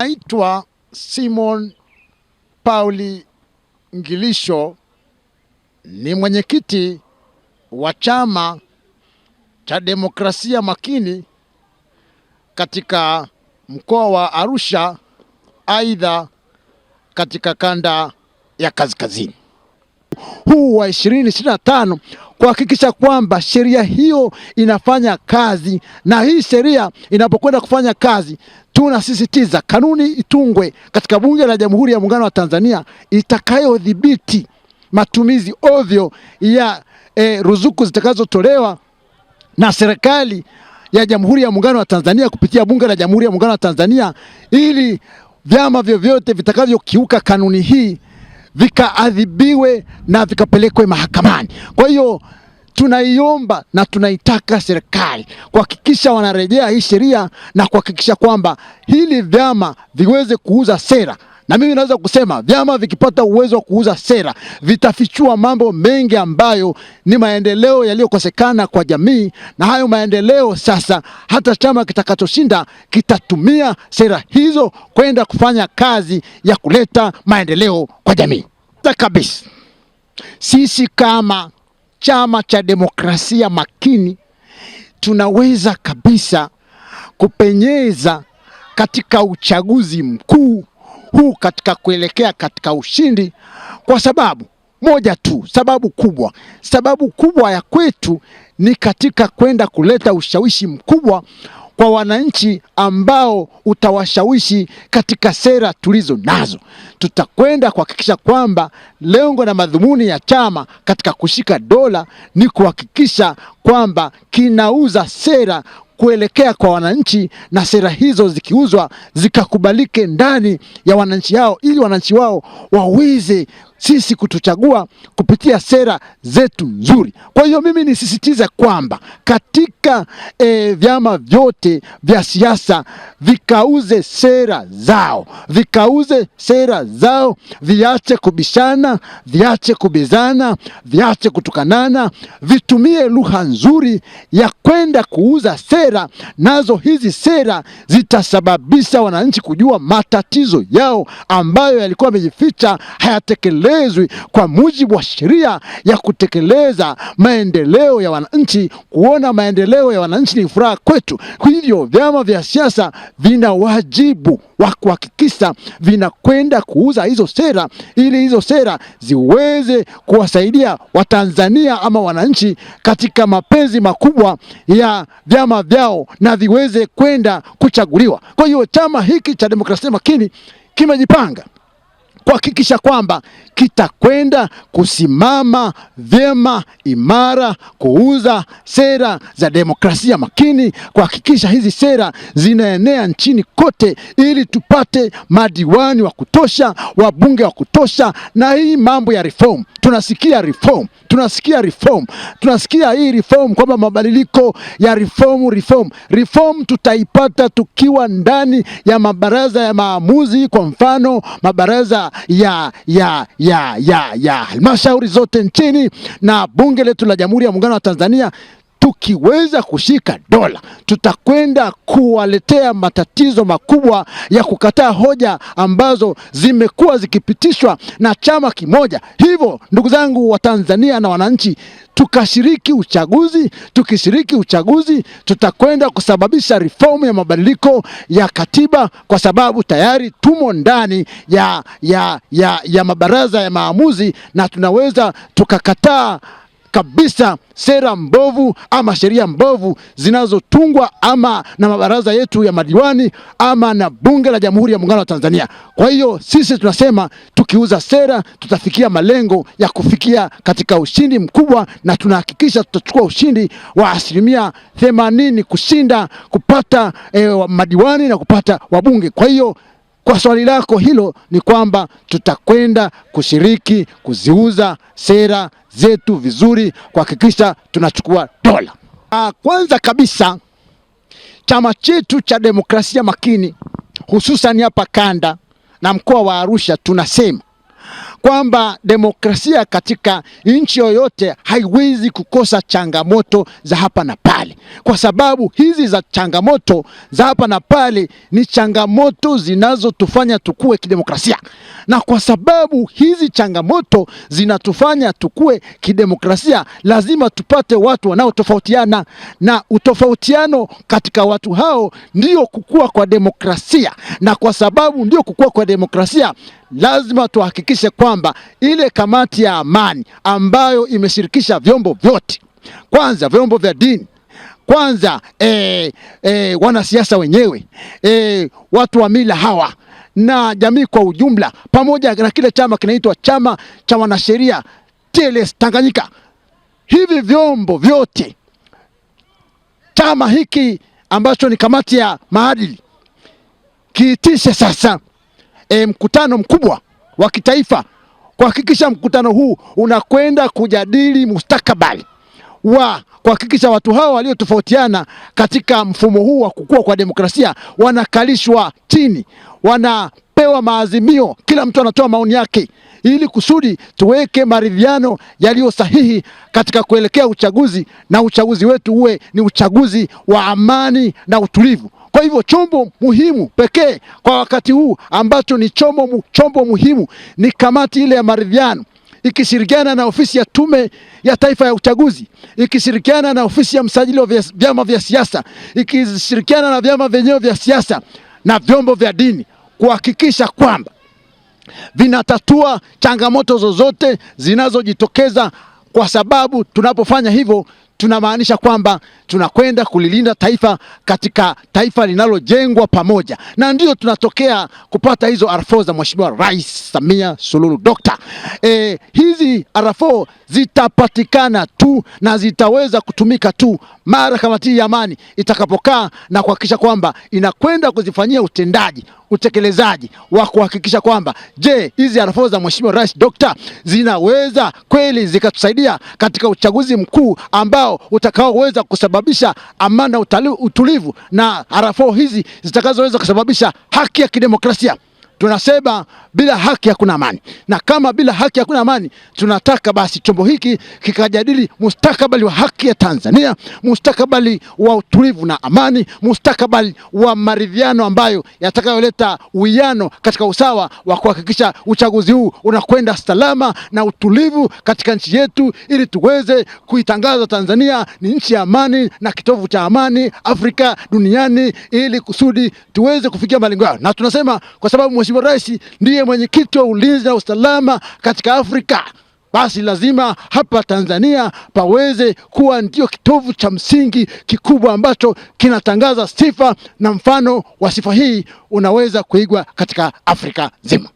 Naitwa Simon Pauli Ngilisho, ni mwenyekiti wa chama cha demokrasia makini katika mkoa wa Arusha, aidha katika kanda ya kaskazini huu wa 2025 kuhakikisha kwamba sheria hiyo inafanya kazi, na hii sheria inapokwenda kufanya kazi, tunasisitiza kanuni itungwe katika Bunge la Jamhuri ya Muungano wa Tanzania itakayodhibiti matumizi ovyo ya e, ruzuku zitakazotolewa na serikali ya Jamhuri ya Muungano wa Tanzania kupitia Bunge la Jamhuri ya Muungano wa Tanzania ili vyama vyovyote vitakavyokiuka kanuni hii vikaadhibiwe na vikapelekwe mahakamani. Kwa hiyo tunaiomba na tunaitaka serikali kuhakikisha wanarejea hii sheria na kuhakikisha kwamba hili vyama viweze kuuza sera na mimi naweza kusema vyama vikipata uwezo wa kuuza sera vitafichua mambo mengi ambayo ni maendeleo yaliyokosekana kwa jamii, na hayo maendeleo sasa, hata chama kitakachoshinda kitatumia sera hizo kwenda kufanya kazi ya kuleta maendeleo kwa jamii kabisa. Sisi kama chama cha demokrasia makini tunaweza kabisa kupenyeza katika uchaguzi mkuu huu katika kuelekea katika ushindi, kwa sababu moja tu, sababu kubwa, sababu kubwa ya kwetu ni katika kwenda kuleta ushawishi mkubwa kwa wananchi ambao utawashawishi katika sera tulizo nazo. Tutakwenda kuhakikisha kwamba lengo na madhumuni ya chama katika kushika dola ni kuhakikisha kwamba kinauza sera kuelekea kwa wananchi, na sera hizo zikiuzwa zikakubalike ndani ya wananchi hao, ili wananchi wao waweze sisi kutuchagua kupitia sera zetu nzuri. Kwa hiyo mimi nisisitiza kwamba katika e, vyama vyote vya siasa vikauze sera zao, vikauze sera zao, viache kubishana, viache kubezana, viache kutukanana, vitumie lugha nzuri ya kwenda kuuza sera, nazo hizi sera zitasababisha wananchi kujua matatizo yao ambayo yalikuwa yamejificha hayatekelezwa haitekelezwi kwa mujibu wa sheria ya kutekeleza maendeleo ya wananchi. Kuona maendeleo ya wananchi ni furaha kwetu, hivyo vyama vya siasa vina wajibu wa kuhakikisha vinakwenda kuuza hizo sera ili hizo sera ziweze kuwasaidia Watanzania ama wananchi katika mapenzi makubwa ya vyama vyao na viweze kwenda kuchaguliwa. Kwa hiyo chama hiki cha demokrasia makini kimejipanga kuhakikisha kwamba kitakwenda kusimama vyema imara, kuuza sera za demokrasia makini, kuhakikisha hizi sera zinaenea nchini kote, ili tupate madiwani wa kutosha, wabunge wa kutosha. Na hii mambo ya reform, tunasikia reform, tunasikia reform, tunasikia hii reform kwamba mabadiliko ya reform, reform, reform tutaipata tukiwa ndani ya mabaraza ya maamuzi, kwa mfano mabaraza ya, ya, ya, ya, ya halmashauri zote nchini na bunge letu la Jamhuri ya Muungano wa Tanzania tukiweza kushika dola tutakwenda kuwaletea matatizo makubwa ya kukataa hoja ambazo zimekuwa zikipitishwa na chama kimoja. Hivyo ndugu zangu wa Tanzania na wananchi, tukashiriki uchaguzi. Tukishiriki uchaguzi, tutakwenda kusababisha reformu ya mabadiliko ya katiba, kwa sababu tayari tumo ndani ya, ya, ya, ya mabaraza ya maamuzi na tunaweza tukakataa kabisa sera mbovu ama sheria mbovu zinazotungwa ama na mabaraza yetu ya madiwani ama na bunge la Jamhuri ya Muungano wa Tanzania. Kwa hiyo sisi tunasema tukiuza sera tutafikia malengo ya kufikia katika ushindi mkubwa, na tunahakikisha tutachukua ushindi wa asilimia themanini kushinda kupata eh, madiwani na kupata wabunge. Kwa hiyo kwa swali lako hilo ni kwamba tutakwenda kushiriki kuziuza sera zetu vizuri, kuhakikisha tunachukua dola. Ah, kwanza kabisa chama chetu cha demokrasia makini hususan hapa kanda na mkoa wa Arusha tunasema kwamba demokrasia katika nchi yoyote haiwezi kukosa changamoto za hapa na pale pale, kwa sababu hizi za changamoto za hapa na pale ni changamoto zinazotufanya tukue kidemokrasia, na kwa sababu hizi changamoto zinatufanya tukue kidemokrasia, lazima tupate watu wanaotofautiana, na utofautiano katika watu hao ndio kukua kwa demokrasia, na kwa sababu ndio kukua kwa demokrasia lazima tuhakikishe kwamba ile kamati ya amani ambayo imeshirikisha vyombo vyote, kwanza vyombo vya dini kwanza e, e, wanasiasa wenyewe e, watu wa mila hawa na jamii kwa ujumla, pamoja na kile chama kinaitwa chama cha wanasheria TLS Tanganyika. Hivi vyombo vyote, chama hiki ambacho ni kamati ya maadili kiitishe sasa e, mkutano mkubwa wa kitaifa kuhakikisha mkutano huu unakwenda kujadili mustakabali wa kuhakikisha watu hao waliotofautiana katika mfumo huu wa kukua kwa demokrasia wanakalishwa chini, wanapewa maazimio, kila mtu anatoa maoni yake, ili kusudi tuweke maridhiano yaliyo sahihi katika kuelekea uchaguzi, na uchaguzi wetu uwe ni uchaguzi wa amani na utulivu. Kwa hivyo chombo muhimu pekee kwa wakati huu ambacho ni chombo, chombo muhimu ni kamati ile ya maridhiano ikishirikiana na ofisi ya Tume ya Taifa ya Uchaguzi, ikishirikiana na ofisi ya msajili wa vyama vya siasa, ikishirikiana na vyama vyenyewe vya siasa na vyombo vya dini kuhakikisha kwamba vinatatua changamoto zozote zinazojitokeza, kwa sababu tunapofanya hivyo tunamaanisha kwamba tunakwenda kulilinda taifa katika taifa linalojengwa pamoja, na ndio tunatokea kupata hizo R4 za Mheshimiwa Rais Samia Suluhu Dokta. E, hizi R4 zitapatikana tu na zitaweza kutumika tu mara kamati ya amani itakapokaa na kuhakikisha kwamba inakwenda kuzifanyia utendaji utekelezaji wa kuhakikisha kwamba je, hizi arafu za Mheshimiwa Rais Dokta zinaweza kweli zikatusaidia katika uchaguzi mkuu ambao utakaoweza kusababisha amani na utulivu na arafo hizi zitakazoweza kusababisha haki ya kidemokrasia tunasema bila haki hakuna amani, na kama bila haki hakuna amani, tunataka basi chombo hiki kikajadili mustakabali wa haki ya Tanzania, mustakabali wa utulivu na amani, mustakabali wa maridhiano ambayo yatakayoleta uwiano katika usawa wa kuhakikisha uchaguzi huu unakwenda salama na utulivu katika nchi yetu, ili tuweze kuitangaza Tanzania ni nchi ya amani na kitovu cha amani Afrika duniani, ili kusudi tuweze kufikia malengo yao, na tunasema kwa sababu Mheshimiwa Rais ndiye mwenyekiti wa ulinzi na usalama katika Afrika, basi lazima hapa Tanzania paweze kuwa ndio kitovu cha msingi kikubwa ambacho kinatangaza sifa, na mfano wa sifa hii unaweza kuigwa katika Afrika nzima.